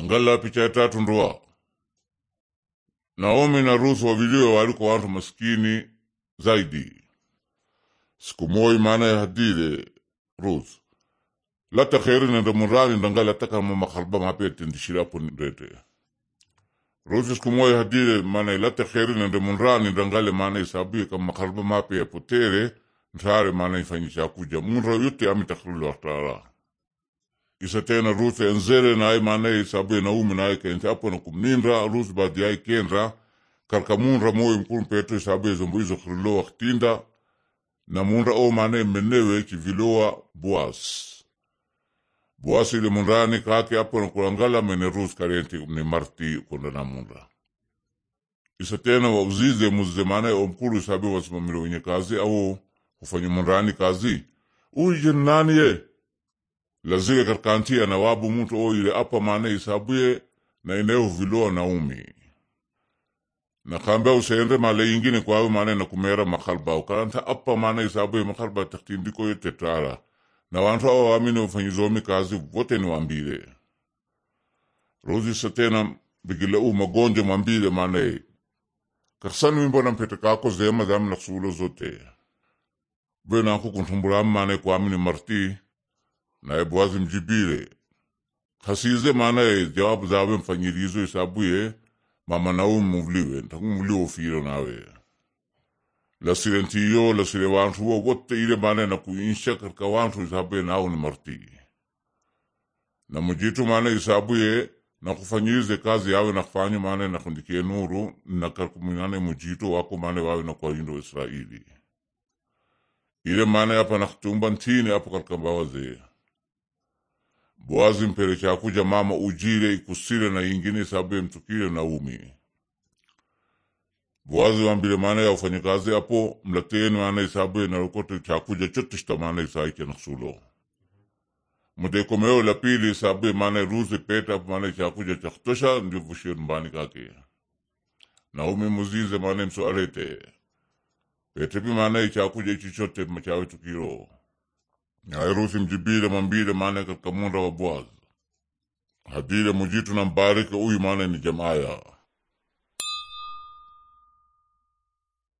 angala picha ya tatu ndoa Naomi na Ruth wavilio waliko wantu maskini zaidi siku moyi maana ya hadile Ruth lata kheri nende murani ndangala takama makarba mape tindishira ndete Ruth siku moyi hadile maana lata kheri nende murani ndangale maana isabuye kama makarba mape potere ntare maana ifanyisha kuja munra yote amitakhulula watara isa tena Ruth enzere ai mane isabu Naomi naay kente apo na kumninra Ruth badiay kenra karkamunra moyo mkuru Petro isabu ezombu izo khriloa khtinda na munra o mane menewe kiviloa Boaz Boaz ile munrani kake apo na kulangala mene Ruth karenti ni marti kunda na munra isa tena wa uzize muzze mane o mkuru isabu wasimamile wenye kazi au kufanya munrani kazi uyi jennaniye lazika karkantia na wabu muntu oire apa mane isabuye na ineo viloa naumi na kambea usende male ingine kwawe mane na kumera makalba ukaranta apa mane isabuye makalba taktindiko yote tetara na wantu awa wamine ufanyizomi kazi vote ni wambile rozi satena bigile u magonje mambile mane kaksanu imbo na mpete kako zema na naksulo zote bwe nako kuntumbulamu mane kwamini marti Naibu Boazi Mjibire kasize maana ye jawabu zawe mfanyirizo isabu ye mama nawe muliwe ntakumuliwe ofiro nawe lasire ntiyo lasire wantu wo wote ile maana kuinsha katika wantu isabu ye nawe ni marti na mujitu maana isabu ye kufanyirize kazi yawe na nakufanya maana kundikie nuru na karkumunane mujito wako maana wawe na nakwaindo Israeli ile maana yapa kutumba ntini apo katika mbawa zee boazi mpere chakuja mama ujire ikusire na ingine sababu yemtukile Naomi boazi wambile maana ya ufanyakazi apo mlateni maana ya nalokote chakuja chote shita maana isaike mdeko meo la pili ya maana ruzi peta maana chakuja chakutosha ndivushie nyumbani kake naumi muzize maana mso arete pete pi maana ichi chote machawe tukiroo nairusi mjibile mambile maana katika munda wa bwazi hadile mujitu mbarike uyu maana ni jamaa ya